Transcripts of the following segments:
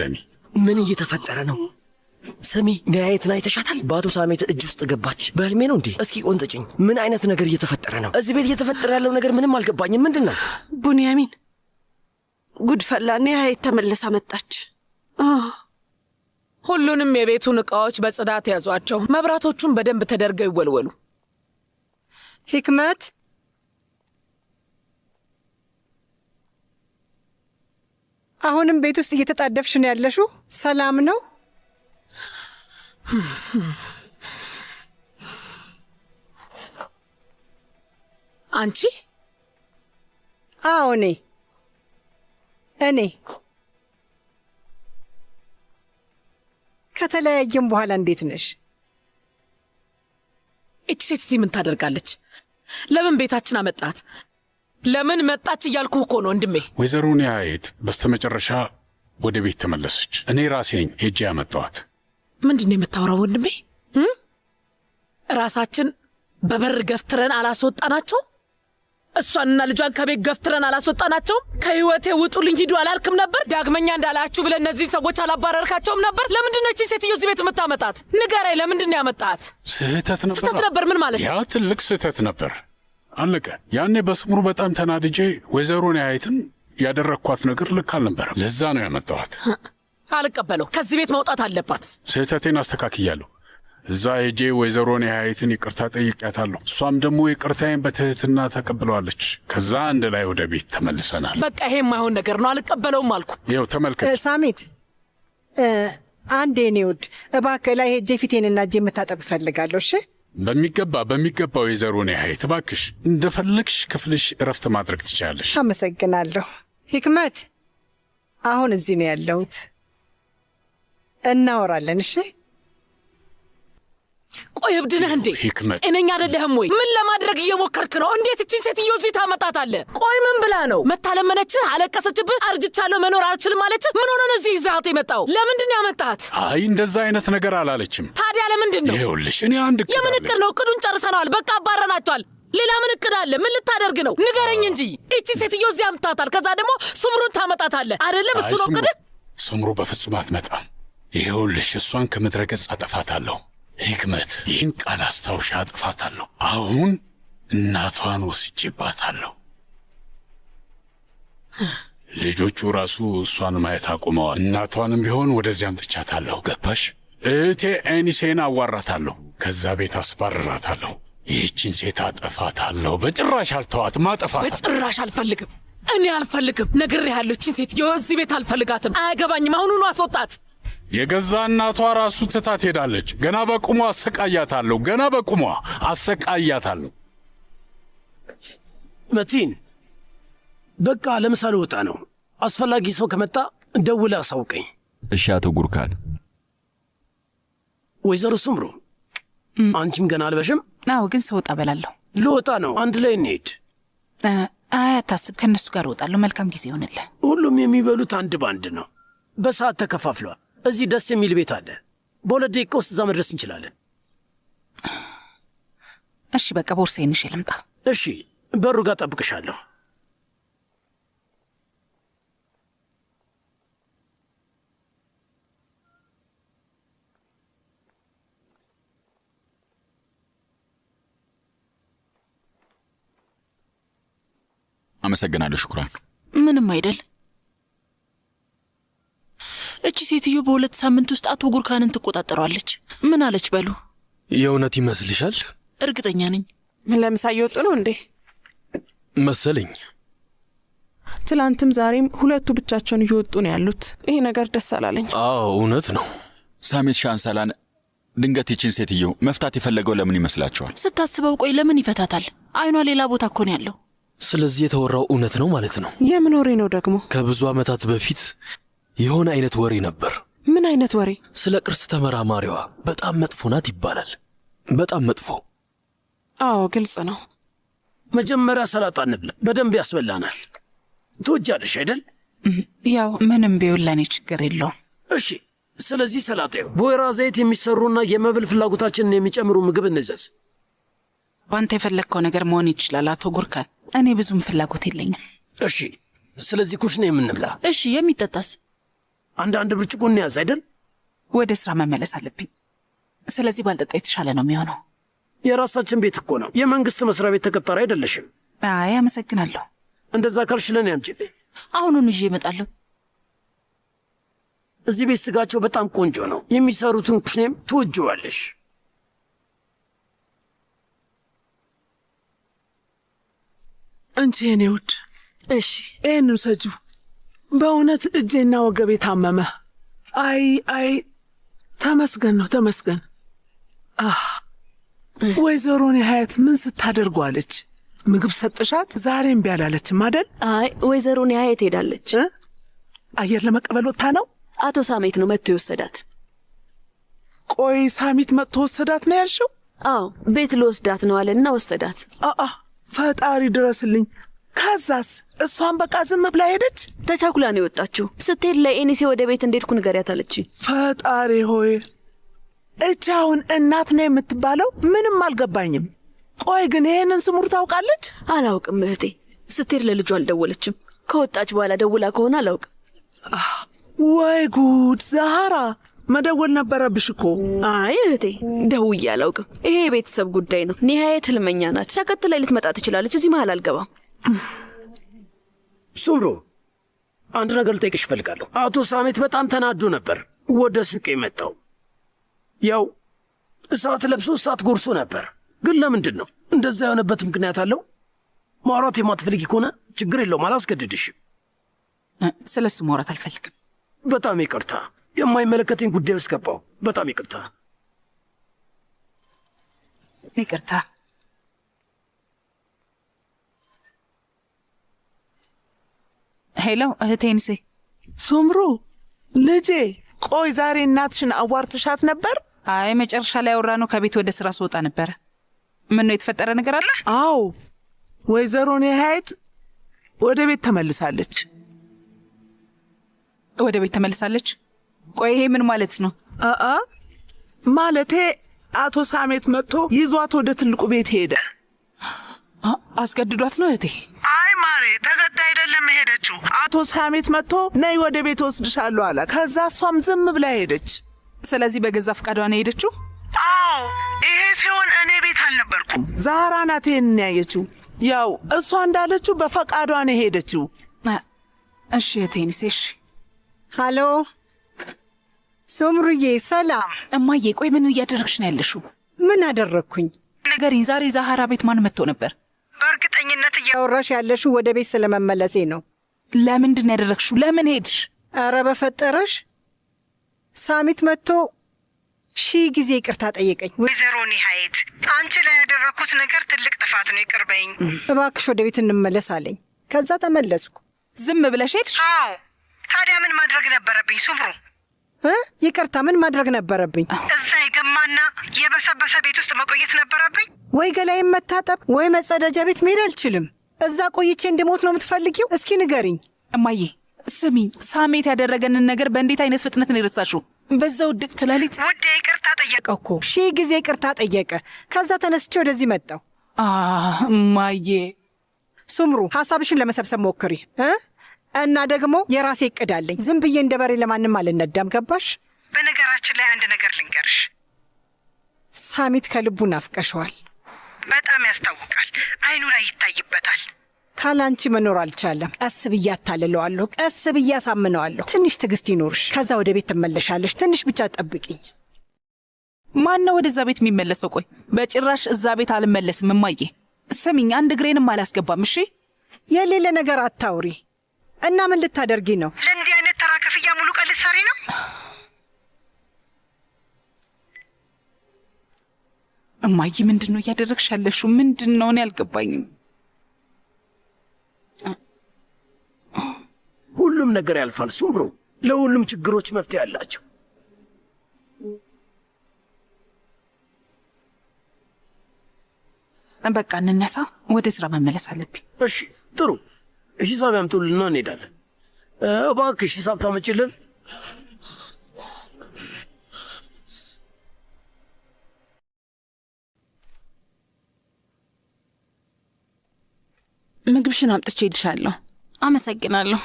ደሚ ምን እየተፈጠረ ነው? ሰሚ ነያየትን አይተሻታል? በአቶ ሳሜት እጅ ውስጥ ገባች። በህልሜ ነው እንዴ? እስኪ ቆንጥጭኝ። ምን አይነት ነገር እየተፈጠረ ነው? እዚህ ቤት እየተፈጠረ ያለው ነገር ምንም አልገባኝም። ምንድን ነው? ቡንያሚን ጉድፈላ ነያየት ተመልሳ መጣች። ሁሉንም የቤቱን ዕቃዎች በጽዳት ያዟቸው። መብራቶቹን በደንብ ተደርገው ይወልወሉ። ሂክመት አሁንም ቤት ውስጥ እየተጣደፍሽ ነው ያለሹ? ሰላም ነው? አንቺ? አዎ እኔ እኔ ከተለያየም በኋላ እንዴት ነሽ? እቺ ሴት እዚህ ምን ታደርጋለች? ለምን ቤታችን አመጣት? ለምን መጣች እያልኩ እኮ ነው ወንድሜ። ወይዘሮ ኒያየት በስተመጨረሻ ወደ ቤት ተመለሰች። እኔ ራሴ ነኝ ሄጄ ያመጣዋት። ምንድን ነው የምታወራው ወንድሜ? ራሳችን በበር ገፍትረን አላስወጣናቸው? እሷንና ልጇን ከቤት ገፍትረን አላስወጣናቸውም? ከህይወቴ ውጡልኝ ሂዱ አላልክም ነበር? ዳግመኛ እንዳላችሁ ብለን እነዚህ ሰዎች አላባረርካቸውም ነበር? ለምንድን ነው እቺ ሴትዮ እዚህ ቤት የምታመጣት? ንገራይ፣ ለምንድን ነው ያመጣት? ስህተት ነበር። ስህተት ነበር ምን ማለት? ያ ትልቅ ስህተት ነበር። አለቀ። ያኔ በስሙሩ በጣም ተናድጄ ወይዘሮ ንያየትን ያደረግኳት ነገር ልክ አልነበረም። ለዛ ነው ያመጣኋት። አልቀበለው። ከዚህ ቤት መውጣት አለባት። ስህተቴን አስተካክያለሁ። እዛ ሄጄ ወይዘሮ ንያየትን ይቅርታ ጠይቅያታለሁ። እሷም ደግሞ ይቅርታዬን በትህትና ተቀብለዋለች። ከዛ አንድ ላይ ወደ ቤት ተመልሰናል። በቃ ይሄ የማይሆን ነገር ነው፣ አልቀበለውም አልኩ። ይኸው ተመልከች። ሳሜት አንዴ እኔ ውድ እባክህ ላይ ሄጄ ፊቴንና እጄ የምታጠብ እፈልጋለሁ። እሺ በሚገባ በሚገባ፣ ወይዘሮ ኔሀይት ትባክሽ እንደፈለግሽ ክፍልሽ እረፍት ማድረግ ትችላለሽ። አመሰግናለሁ ሂክመት። አሁን እዚህ ነው ያለሁት፣ እናወራለን። እሺ ቆይ እብድነህ እንዴ? ህክመት ጤነኛ አይደለህም ወይ? ምን ለማድረግ እየሞከርክ ነው? እንዴት እችን ሴትዮ እዚህ ታመጣታለህ? ቆይ ምን ብላ ነው? መታለመነችህ? አለቀሰችብህ? አርጅቻለሁ መኖር አልችልም ማለች? ምን ሆነ ነው እዚህ ይዛት የመጣው? ለምንድን ያመጣት? አይ እንደዛ አይነት ነገር አላለችም። ታዲያ ለምንድን ነው? ይኸውልሽ እኔ አንድ የምን እቅድ ነው? እቅዱን ጨርሰነዋል። በቃ አባረናቸዋል። ሌላ ምን እቅድ አለ? ምን ልታደርግ ነው? ንገረኝ እንጂ። እቺ ሴትዮ እዚህ አምጥታታል። ከዛ ደግሞ ስምሩን ታመጣታለህ አይደለም? እሱ ነው እቅድህ? ስምሩ በፍጹም አትመጣም። ይኸውልሽ እሷን ከምድረ ገጽ አጠፋታለሁ። ሕክመት ይህን ቃል አስታውሻ አጥፋታለሁ። አሁን እናቷን ወስጄባታለሁ። ልጆቹ ራሱ እሷን ማየት አቁመዋል። እናቷንም ቢሆን ወደዚያም ጥቻታለሁ። ገባሽ? እህቴ ኤኒሴን አዋራታለሁ፣ ከዛ ቤት አስባርራታለሁ። ይህችን ሴት አጠፋታለሁ። በጭራሽ አልተዋት ማጠፋት በጭራሽ አልፈልግም። እኔ አልፈልግም። ነግሬሃለሁ። ይህችን ሴት እዚህ ቤት አልፈልጋትም። አያገባኝም። አሁኑኑ አስወጣት። የገዛ እናቷ ራሱ ትታት ሄዳለች። ገና በቁሟ አሰቃያታለሁ። ገና በቁሟ አሰቃያታለሁ። መቲን፣ በቃ ለምሳሌ ወጣ ነው። አስፈላጊ ሰው ከመጣ ደውለ አሳውቀኝ። እሺ አቶ ጉርካን። ወይዘሮ ስምሩ፣ አንቺም ገና አልበሽም? አዎ፣ ግን ሰው ወጣ በላለሁ። ልወጣ ነው። አንድ ላይ እንሄድ። አይ አታስብ፣ ከእነሱ ጋር እወጣለሁ። መልካም ጊዜ ይሆንልህ። ሁሉም የሚበሉት አንድ ባንድ ነው፣ በሰዓት ተከፋፍለዋል። እዚህ ደስ የሚል ቤት አለ። በሁለት ደቂቃ ውስጥ እዛ መድረስ እንችላለን። እሺ፣ በቃ ቦርሳዬን ይዤ ልምጣ። እሺ፣ በሩ ጋር ጠብቅሻለሁ። አመሰግናለሁ። ሽኩራን። ምንም አይደል። እቺ ሴትዮ በሁለት ሳምንት ውስጥ አቶ ጉርካንን ትቆጣጠሯለች። ምን አለች በሉ። የእውነት ይመስልሻል? እርግጠኛ ነኝ። ለምሳ እየወጡ ነው እንዴ መሰለኝ። ትላንትም ዛሬም ሁለቱ ብቻቸውን እየወጡ ነው ያሉት። ይሄ ነገር ደስ አላለኝ። አዎ እውነት ነው። ሳሚት ሻንሰላን ድንገት ይችን ሴትዮ መፍታት የፈለገው ለምን ይመስላችኋል? ስታስበው ቆይ ለምን ይፈታታል? አይኗ ሌላ ቦታ እኮ ነው ያለው። ስለዚህ የተወራው እውነት ነው ማለት ነው። የምኖሬ ነው ደግሞ? ከብዙ ዓመታት በፊት የሆነ አይነት ወሬ ነበር። ምን አይነት ወሬ? ስለ ቅርስ ተመራማሪዋ በጣም መጥፎ ናት ይባላል። በጣም መጥፎ። አዎ ግልጽ ነው። መጀመሪያ ሰላጣ እንብላ፣ በደንብ ያስበላናል። ትወጃለሽ አይደል? ያው ምንም ቢውል ችግር የለውም። እሺ፣ ስለዚህ ሰላጤው በወይራ ዘይት የሚሰሩና የመብል ፍላጎታችንን የሚጨምሩ ምግብ እንዘዝ። በአንተ የፈለግከው ነገር መሆን ይችላል አቶ ጉርካን። እኔ ብዙም ፍላጎት የለኝም። እሺ፣ ስለዚህ ነው የምንብላ። እሺ፣ የሚጠጣስ አንድ አንድ ብርጭቆ እንያዝ አይደል? ወደ ስራ መመለስ አለብኝ። ስለዚህ ባልጠጣ የተሻለ ነው የሚሆነው። የራሳችን ቤት እኮ ነው። የመንግስት መስሪያ ቤት ተቀጣሪ አይደለሽም። አይ አመሰግናለሁ። እንደዛ ካልሽ ለእኔ አምጪልኝ። አሁኑን ይዤ እመጣለሁ። እዚህ ቤት ስጋቸው በጣም ቆንጆ ነው። የሚሰሩትን ኩሽኔም ትወጅዋለሽ። አንቺ የኔ ውድ፣ እሺ ይህን ውሰጂው በእውነት እጄና ወገቤ ታመመ። አይ አይ፣ ተመስገን ነው ተመስገን። ወይዘሮን የሀያት ምን ስታደርጓለች? ምግብ ሰጥሻት? ዛሬም ቢያላለች ማደል? አይ ወይዘሮን የሀያት ሄዳለች። አየር ለመቀበል ወጥታ ነው። አቶ ሳሜት ነው መጥቶ የወሰዳት። ቆይ ሳሚት መጥቶ ወሰዳት ነው ያልሽው? አዎ ቤት ልወስዳት ነው አለና ወሰዳት። አአ ፈጣሪ ድረስልኝ። ከዛስ እሷን በቃ ዝም ብላ ሄደች። ተቻኩላ ነው የወጣችው። ስትሄድ ለኤኒሴ ወደ ቤት እንዴት ኩን ንገሪያት አለችኝ። ፈጣሪ ሆይ እቺ አሁን እናት ነው የምትባለው? ምንም አልገባኝም። ቆይ ግን ይሄንን ስሙር ታውቃለች? አላውቅም እህቴ። ስትሄድ ለልጁ አልደወለችም። ከወጣች በኋላ ደውላ ከሆነ አላውቅም። ወይ ጉድ! ዛሃራ መደወል ነበረብሽ እኮ። አይ እህቴ ደውዬ አላውቅም። ይሄ የቤተሰብ ጉዳይ ነው። ኒሀየት ህልመኛ ናት። ተከትላይ ልትመጣ ትችላለች። እዚህ መሀል አልገባም። ሱምሩ አንድ ነገር ልጠይቅሽ እፈልጋለሁ። አቶ ሳሜት በጣም ተናዶ ነበር ወደ ሱቅ የመጣው። ያው እሳት ለብሶ እሳት ጎርሶ ነበር። ግን ለምንድን ነው እንደዛ የሆነበት ምክንያት አለው? ማውራት የማትፈልጊ ከሆነ ችግር የለውም፣ አላስገድድሽም። ስለ እሱ ማውራት አልፈልግም። በጣም ይቅርታ፣ የማይመለከተኝ ጉዳይ ውስጥ ገባሁ። በጣም ይቅርታ፣ ይቅርታ። ሄሎ እህቴንሴ ሱምሩ ልጄ፣ ቆይ ዛሬ እናትሽን አዋርተሻት ነበር? አይ መጨረሻ ላይ ያወራ ነው ከቤት ወደ ስራ ስወጣ ነበረ። ምን ነው የተፈጠረ ነገር አለ? አዎ ወይዘሮ ኔሀየት ወደ ቤት ተመልሳለች። ወደ ቤት ተመልሳለች? ቆይ ይሄ ምን ማለት ነው? አአ ማለቴ አቶ ሳሜት መጥቶ ይዟት ወደ ትልቁ ቤት ሄደ። አስገድዷት ነው እህቴ? አይ ማሬ ተገዳ አይደለም ሄደችው። አቶ ሳሜት መጥቶ ነይ ወደ ቤት ወስድሻለሁ አላት። ከዛ እሷም ዝም ብላ ሄደች። ስለዚህ በገዛ ፈቃዷ ነው ሄደችው? አዎ ይሄ ሲሆን እኔ ቤት አልነበርኩም። ዛራ ናት ይህን ያየችው። ያው እሷ እንዳለችው በፈቃዷ ነው ሄደችው። እሺ ቴኒሴሽ። ሃሎ ሶምሩዬ ሰላም። እማዬ ቆይ ምን እያደረግሽ ነው ያለሽው? ምን አደረግኩኝ? ንገሪኝ። ዛሬ ዛሃራ ቤት ማን መጥቶ ነበር? በእርግጠኝነት እያወራሽ ያለሽው ወደ ቤት ስለመመለሴ ነው። ለምንድን ነው ያደረግሽው? ለምን ሄድሽ? አረ በፈጠረሽ ሳሚት መጥቶ ሺህ ጊዜ ይቅርታ ጠየቀኝ። ወይዘሮ ኒሀየት አንቺ ላይ ያደረግኩት ነገር ትልቅ ጥፋት ነው፣ ይቅርበኝ። እባክሽ፣ ወደ ቤት እንመለስ አለኝ። ከዛ ተመለስኩ። ዝም ብለሽ ሄድሽ? አዎ። ታዲያ ምን ማድረግ ነበረብኝ ሱምሩ? ይቅርታ ምን ማድረግ ነበረብኝ? እዛ የገማና የበሰበሰ ቤት ውስጥ መቆየት ነበረብኝ? ወይ ገላይም መታጠብ ወይ መጸደጃ ቤት መሄድ አልችልም። እዛ ቆይቼ እንድሞት ነው የምትፈልጊው? እስኪ ንገሪኝ። እማዬ ስሚኝ፣ ሳሜት ያደረገንን ነገር በእንዴት አይነት ፍጥነት ነው የረሳሽው? በዛ ውድቅ ትላሊት ውዴ ይቅርታ ጠየቀ እኮ ሺህ ጊዜ ይቅርታ ጠየቀ። ከዛ ተነስቼ ወደዚህ መጣው። እማዬ ሱምሩ፣ ሀሳብሽን ለመሰብሰብ ሞክሪ እና ደግሞ የራሴ እቅድ አለኝ። ዝም ብዬ እንደ በሬ ለማንም አልነዳም። ገባሽ? በነገራችን ላይ አንድ ነገር ልንገርሽ፣ ሳሚት ከልቡ ናፍቀሸዋል። በጣም ያስታውቃል። አይኑ ላይ ይታይበታል። ካላንቺ መኖር አልቻለም። ቀስ ብዬ አታልለዋለሁ፣ ቀስ ብዬ አሳምነዋለሁ። ትንሽ ትዕግስት ይኖርሽ፣ ከዛ ወደ ቤት ትመለሻለሽ። ትንሽ ብቻ ጠብቅኝ። ማን ነው ወደዛ ቤት የሚመለሰው? ቆይ በጭራሽ እዛ ቤት አልመለስም። እማዬ ስሚኝ፣ አንድ እግሬንም አላስገባም። እሺ፣ የሌለ ነገር አታውሪ እና ምን ልታደርጊ ነው? ለእንዲህ እማዬ ምንድን ነው እያደረግሽ ያለሽው? ምንድን ነው እኔ አልገባኝም። ሁሉም ነገር ያልፋል ሱምሩ። ለሁሉም ችግሮች መፍትሄ አላቸው። በቃ እንነሳ፣ ወደ ስራ መመለስ አለብኝ። እሺ ጥሩ። ሂሳብ ያምጡልና እንሄዳለን። እባክሽ ሂሳብ ታመጪልን? ምግብሽን አምጥቼ ይልሻለሁ አመሰግናለሁ።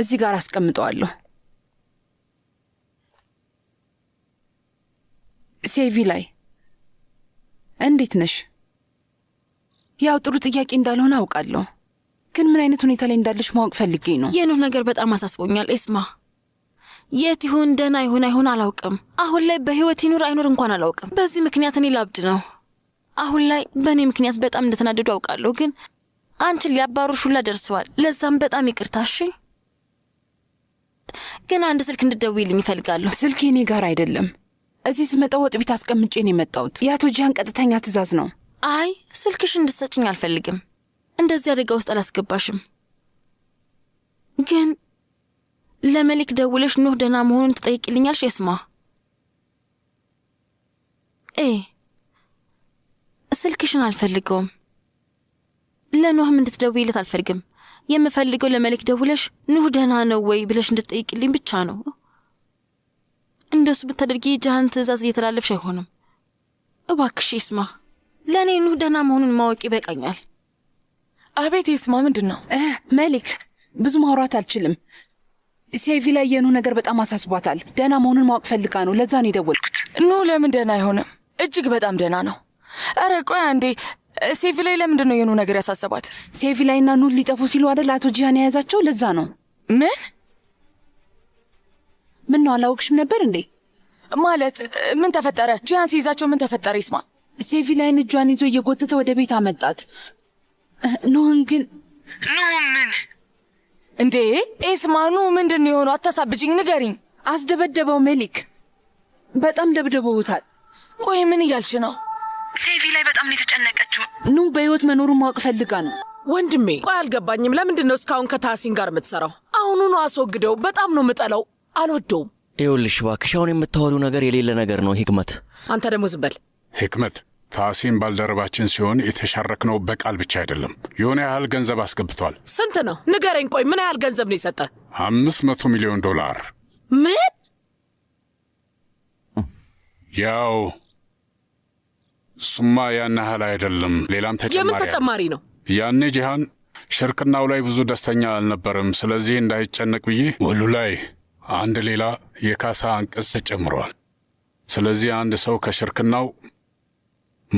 እዚህ ጋር አስቀምጠዋለሁ። ሴቪ ላይ እንዴት ነሽ? ያው ጥሩ ጥያቄ እንዳልሆነ አውቃለሁ፣ ግን ምን አይነት ሁኔታ ላይ እንዳለሽ ማወቅ ፈልጌ ነው። የኑህ ነገር በጣም አሳስቦኛል ኤስማ። የት ይሁን ደና ይሁን አይሁን አላውቅም። አሁን ላይ በህይወት ይኑር አይኑር እንኳን አላውቅም። በዚህ ምክንያት እኔ ላብድ ነው። አሁን ላይ በእኔ ምክንያት በጣም እንደተናደዱ አውቃለሁ፣ ግን አንቺን ሊያባሩሹላ ደርሰዋል። ለዛም በጣም ይቅርታሽ። ግን አንድ ስልክ እንድትደውይልኝ ይፈልጋለሁ። ስልክ እኔ ጋር አይደለም። እዚህ ስመጣ ወጥ ቤት አስቀምጬ ነው የመጣሁት። የአቶ ጂያን ቀጥተኛ ትዕዛዝ ነው። አይ ስልክሽ እንድትሰጭኝ አልፈልግም። እንደዚህ አደጋ ውስጥ አላስገባሽም። ግን ለመሊክ ደውለሽ ኖህ ደህና መሆኑን ትጠይቅልኛልሽ? የስማ ኤ ስልክሽን አልፈልገውም። ለኖህም እንድትደውይለት አልፈልግም። የምፈልገው ለመልክ ደውለሽ ኑህ ደህና ነው ወይ ብለሽ እንድትጠይቅልኝ ብቻ ነው። እንደሱ ብታደርጊ ጃሃን ትዕዛዝ እየተላለፍሽ አይሆንም። እባክሽ ይስማ፣ ለእኔ ኑህ ደህና መሆኑን ማወቅ ይበቃኛል። አቤት ይስማ፣ ምንድን ነው መሊክ? ብዙ ማውራት አልችልም። ሴቪ ላይ የኑህ ነገር በጣም አሳስቧታል። ደህና መሆኑን ማወቅ ፈልጋ ነው፣ ለዛ ነው የደወልኩት። ኑህ ለምን ደህና አይሆንም? እጅግ በጣም ደህና ነው። ኧረ ቆይ አንዴ ሴቪ ላይ ለምንድን ነው የኑ ነገር ያሳሰባት? ሴቪ ላይ ና ኑን ሊጠፉ ሲሉ አደል አቶ ጂያን የያዛቸው? ለዛ ነው። ምን ምን ነው አላወቅሽም ነበር እንዴ? ማለት ምን ተፈጠረ? ጂያን ሲይዛቸው ምን ተፈጠረ? ይስማ ሴቪ ላይን እጇን ይዞ እየጎተተ ወደ ቤት አመጣት። ኑህን ግን ኑህ ምን እንዴ? ኤስማ ኑ ምንድን ነው የሆነው? አታሳብጅኝ፣ ንገሪኝ። አስደበደበው ሜሊክ፣ በጣም ደብደበውታል። ቆይ ምን እያልሽ ነው? ሴቪ ላይ በጣም ነው የተጨነቀችው። ኑ በህይወት መኖሩን ማወቅ ፈልጋ ነው። ወንድሜ ቆይ አልገባኝም። ለምንድን ነው እስካሁን ከታሲን ጋር የምትሰራው? አሁኑኑ አስወግደው። በጣም ነው የምጠላው፣ አልወደውም። ይኸውልሽ እባክሽ አሁን የምታወሪው ነገር የሌለ ነገር ነው ህክመት አንተ ደግሞ ዝም በል ታሲን ባልደረባችን ሲሆን የተሻረክነው በቃል ብቻ አይደለም፣ የሆነ ያህል ገንዘብ አስገብቷል። ስንት ነው ንገረኝ። ቆይ ምን ያህል ገንዘብ ነው የሰጠ? አምስት መቶ ሚሊዮን ዶላር። ምን ያው እሱማ ያን ያህል አይደለም። ሌላም ተጨማሪ የምን ተጨማሪ ነው? ያኔ ጂሃን ሽርክናው ላይ ብዙ ደስተኛ አልነበርም። ስለዚህ እንዳይጨነቅ ብዬ ውሉ ላይ አንድ ሌላ የካሳ አንቀጽ ተጨምሯል። ስለዚህ አንድ ሰው ከሽርክናው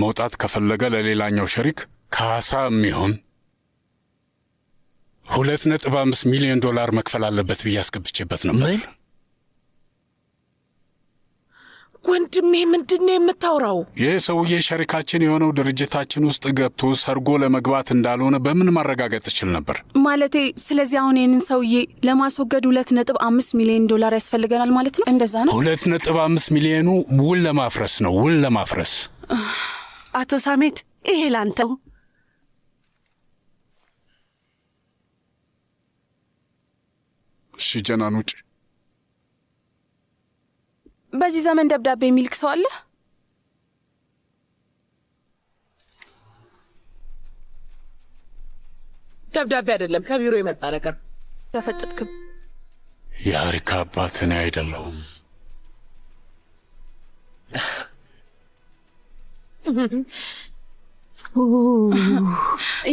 መውጣት ከፈለገ ለሌላኛው ሸሪክ ካሳ የሚሆን ሁለት ነጥብ አምስት ሚሊዮን ዶላር መክፈል አለበት ብዬ አስገብቼበት ነበር። ወንድሜ ምንድን ነው የምታውራው? ይህ ሰውዬ ሸሪካችን የሆነው ድርጅታችን ውስጥ ገብቶ ሰርጎ ለመግባት እንዳልሆነ በምን ማረጋገጥ እችል ነበር? ማለቴ ስለዚህ አሁን ይህንን ሰውዬ ለማስወገድ ሁለት ነጥብ አምስት ሚሊዮን ዶላር ያስፈልገናል ማለት ነው። እንደዛ ነው። ሁለት ነጥብ አምስት ሚሊዮኑ ውል ለማፍረስ ነው። ውል ለማፍረስ አቶ ሳሜት፣ ይሄ ላንተው ሽጀናን ውጭ በዚህ ዘመን ደብዳቤ የሚልክ ሰው አለ? ደብዳቤ አይደለም፣ ከቢሮ የመጣ ነገር። ተፈጠጥክም። የአሪካ አባት እኔ አይደለሁም።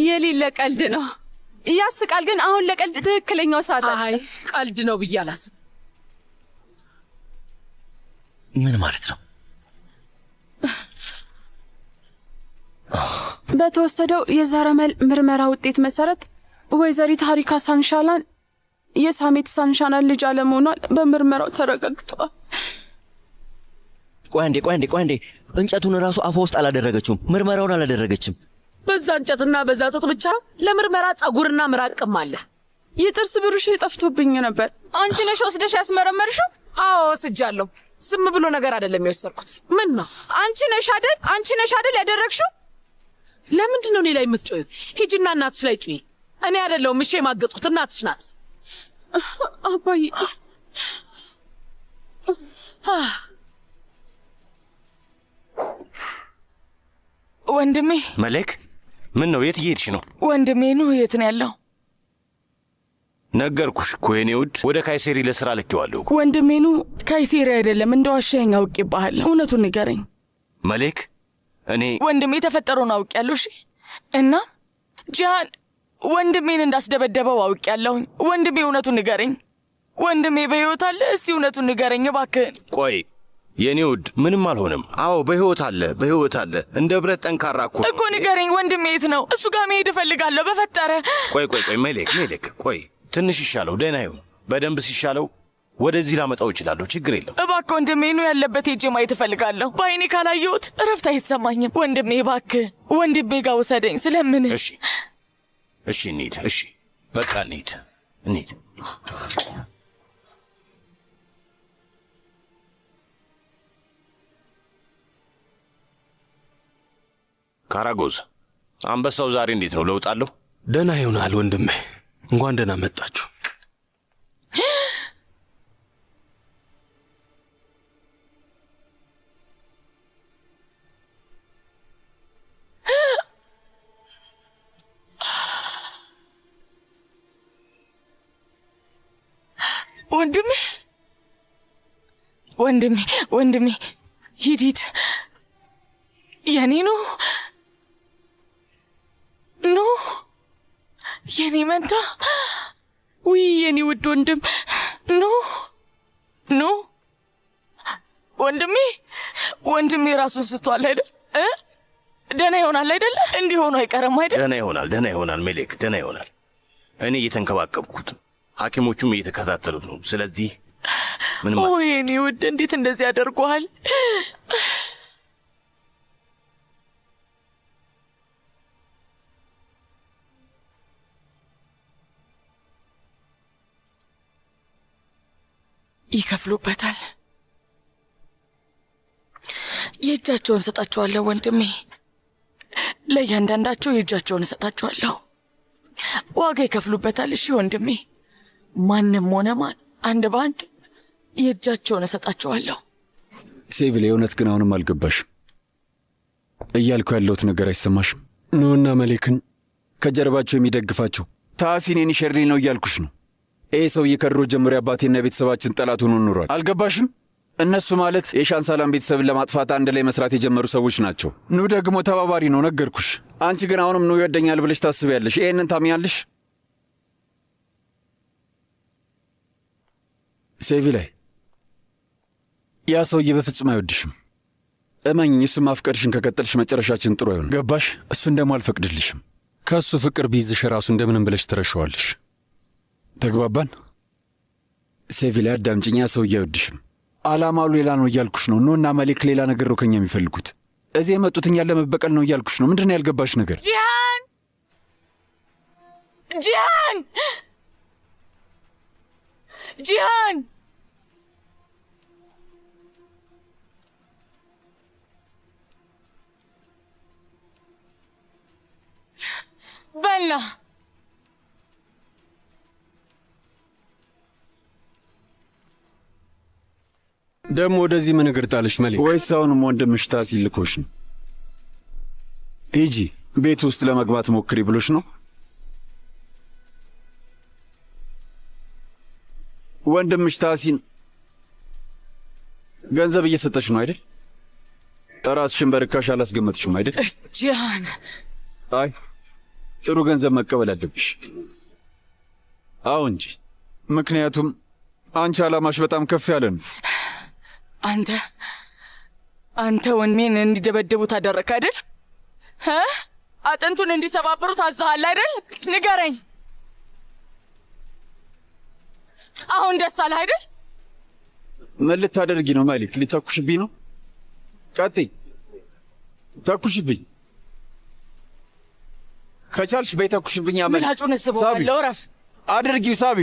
የሌለ ቀልድ ነው። ያስቃል፣ ግን አሁን ለቀልድ ትክክለኛው ሰዓት። አይ ቀልድ ነው ብዬ አላስብ ምን ማለት ነው? በተወሰደው የዘረመል ምርመራ ውጤት መሰረት ወይዘሪት ሀሪካ ሳንሻላን የሳሜት ሳንሻላን ልጅ አለመሆኗል በምርመራው ተረጋግጧል። ቆይ አንዴ፣ ቆይ አንዴ፣ ቆይ አንዴ። እንጨቱን ራሱ አፏ ውስጥ አላደረገችውም። ምርመራውን አላደረገችም። በዛ እንጨትና በዛ ጥጥ ብቻ ለምርመራ ጸጉርና ምራቅም አለ። የጥርስ ብሩሽ ጠፍቶብኝ ነበር። አንቺ ነሽ ወስደሽ ያስመረመርሽው? አዎ ወስጃለሁ። ዝም ብሎ ነገር አይደለም የወሰድኩት። ምን ነው አንቺ ነሽ አይደል? አንቺ ነሽ አይደል ያደረግሽው? ለምንድን ነው እኔ ላይ የምትጮዩ? ሂጂና እናትሽ ላይ ጩይ። እኔ አይደለሁም እሺ የማገጥኩት እናትሽ ናት። አባዬ ወንድሜ። መልክ ምን ነው የት እየሄድሽ ነው? ወንድሜ ኑህ የት ነው ያለው? ነገርኩሽ እኮ የኔ ውድ፣ ወደ ካይሴሪ ለስራ ልኬዋለሁ። ወንድሜኑ ካይሴሪ አይደለም እንደ ዋሻኝ አውቅ ይባሃል። እውነቱን ንገረኝ መሌክ። እኔ ወንድሜ የተፈጠረውን አውቄያለሁ። እሺ እና ጃን ወንድሜን እንዳስደበደበው አውቅ ያለሁኝ። ወንድሜ እውነቱን ንገረኝ። ወንድሜ በሕይወት አለ? እስቲ እውነቱን ንገረኝ እባክህን። ቆይ የኔ ውድ፣ ምንም አልሆንም። አዎ በሕይወት አለ፣ በሕይወት አለ። እንደ ብረት ጠንካራ እኮ እኮ ንገረኝ። ወንድሜ የት ነው? እሱ ጋር መሄድ እፈልጋለሁ በፈጠረ። ቆይ ቆይ ቆይ፣ መሌክ፣ መሌክ ቆይ ትንሽ ይሻለው፣ ደህና ይሁን። በደንብ ሲሻለው ወደዚህ ላመጣው እችላለሁ። ችግር የለም። እባክህ ወንድሜ ነው ያለበት ሄጄ ማየት እፈልጋለሁ። በአይኔ ካላየሁት እረፍት አይሰማኝም። ወንድሜ እባክህ ወንድሜ ጋር ውሰደኝ ስለምን። እሺ፣ እሺ፣ እንሂድ። እሺ፣ በቃ እንሂድ፣ እንሂድ። ካራጎዝ አንበሳው ዛሬ እንዴት ነው? ለውጣለሁ። አለው? ደህና ይሆናል ወንድሜ። እንኳን ደህና መጣ። ወንድሜ ወንድሜ፣ ሂድ ሂድ። የኔ የኔ መንታ ውይ፣ የኔ ውድ ወንድም ኑ ኑ ወንድሜ ወንድሜ ራሱን ስቷል አይደል? ደህና ይሆናል አይደለ? እንዲህ ሆኖ አይቀርም አይደል? ደህና ይሆናል፣ ደህና ይሆናል ሜሌክ፣ ደህና ይሆናል። እኔ እየተንከባከብኩት፣ ሐኪሞቹም እየተከታተሉት ነው። ስለዚህ ምንም ወይ የኔ ውድ፣ እንዴት እንደዚህ ያደርጓል? ይከፍሉበታል። የእጃቸውን እሰጣቸዋለሁ ወንድሜ፣ ለእያንዳንዳቸው የእጃቸውን እሰጣቸዋለሁ። ዋጋ ይከፍሉበታል። እሺ ወንድሜ፣ ማንም ሆነ ማን፣ አንድ በአንድ የእጃቸውን እሰጣቸዋለሁ። ሴቪል፣ የእውነት ግን አሁንም አልገባሽም። እያልኩ ያለሁት ነገር አይሰማሽም? ኖና መሌክን ከጀርባቸው የሚደግፋቸው ታሲኔን ሸርሊ ነው እያልኩሽ ነው። ይህ ሰውዬ ከድሮ ጀምሮ አባቴና ቤተሰባችን ጠላት ሆኖ ኑሯል። አልገባሽም? እነሱ ማለት የሻንሳላን ቤተሰብን ለማጥፋት አንድ ላይ መስራት የጀመሩ ሰዎች ናቸው። ኑ ደግሞ ተባባሪ ነው፣ ነገርኩሽ። አንቺ ግን አሁንም ኑ ይወደኛል ብለሽ ታስቢያለሽ። ይህንን ታምኛለሽ? ሴቪ ላይ ያ ሰውዬ በፍጹም አይወድሽም። እመኝ፣ እሱ ማፍቀድሽን ከቀጠልሽ መጨረሻችን ጥሩ አይሆንም። ገባሽ? እሱን ደግሞ አልፈቅድልሽም። ከእሱ ፍቅር ቢይዝሽ ራሱ እንደምንም ብለሽ ትረሸዋለሽ። ተግባባን? ሴቪላ፣ አዳምጪኝ። ያ ሰውዬ አይወድሽም። አላማው ሌላ ነው እያልኩሽ ነው። ኖና መሌክ ሌላ ነገር ነው ከኛ የሚፈልጉት። እዚህ የመጡት እኛ ለመበቀል ነው እያልኩሽ ነው። ምንድን ነው ያልገባሽ ነገር? ጂሃን፣ ጂሃን፣ ጂሃን በላ ደግሞ ወደዚህ ምን እግር ጣልሽ መሌክ? ወይስ አሁንም ወንድምሽ ታሲ ልኮሽ ነው? ሂጂ ቤት ውስጥ ለመግባት ሞክሪ ብሎሽ ነው? ወንድምሽ ታሲን ገንዘብ እየሰጠች ነው አይደል? ራስሽን በርካሽ አላስገመጥሽም አይደል? እጃን አይ ጥሩ ገንዘብ መቀበል አለብሽ። አዎ እንጂ ምክንያቱም አንቺ አላማሽ በጣም ከፍ ያለ ነው። አንተ አንተ ወንሜን እንዲደበደቡ ታደረግ አይደል? አጥንቱን እንዲሰባብሩ ታዘሃል አይደል? ንገረኝ። አሁን ደስ አለ አይደል? ምን ልታደርጊ ነው? ማሊክ ሊተኩሽብኝ ነው? ቀጥይ፣ ተኩሽብኝ ከቻልሽ በይተኩሽብኝ። ያመል ምላጩን እስበዋለሁ። እረፍ አድርጊው። ሳቢ፣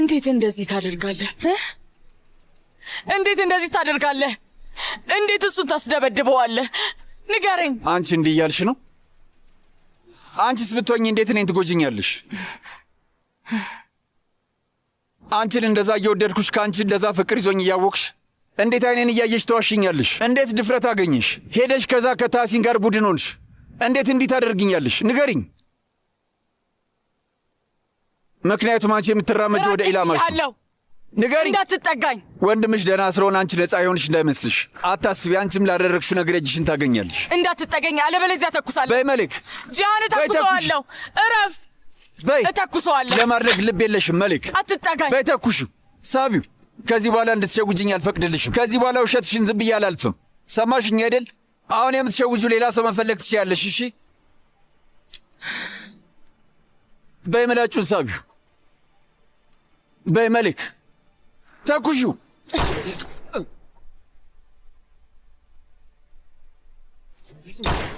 እንዴት እንደዚህ ታደርጋለህ? እንዴት እንደዚህ ታደርጋለህ? እንዴት እሱን ታስደበድበዋለህ? ንገረኝ። አንቺ እንዲህ እያልሽ ነው? አንቺስ ብትሆኝ እንዴት እኔን ትጎጅኛለሽ? አንቺን እንደዛ እየወደድኩሽ ከአንቺ እንደዛ ፍቅር ይዞኝ እያወቅሽ እንዴት አይኔን እያየሽ ተዋሽኛለሽ? እንዴት ድፍረት አገኘሽ? ሄደሽ ከዛ ከታሲን ጋር ቡድን ሆንሽ። እንዴት እንዲህ ታደርግኛለሽ? ንገሪኝ። ምክንያቱም አንቺ የምትራመጅ ወደ ኢላማሽ ነው። ንገሪኝ። እንዳትጠጋኝ። ወንድምሽ ደህና ስለሆነ አንቺ ነፃ የሆንሽ እንዳይመስልሽ አታስቢ። አንቺም ላደረግሽው ነገር እጅሽን ታገኛለሽ። እንዳትጠገኝ፣ አለበለዚያ ተኩሳለሁ። በይ መልክ ጃን፣ እተኩሰዋለሁ። እረፍ በይ። እተኩሰዋለሁ። ለማድረግ ልብ የለሽም መልክ። አትጠጋኝ። በይ ተኩሹ፣ ሳቢው። ከዚህ በኋላ እንድትሸጉጅኝ አልፈቅድልሽም። ከዚህ በኋላ ውሸትሽን ዝም ብዬ አላልፍም። ሰማሽኝ አይደል? አሁን የምትሸውጁ ሌላ ሰው መፈለግ ትችያለሽ። እሺ በይ መላጩን ሳቢው፣ ተኩሹ Thank you.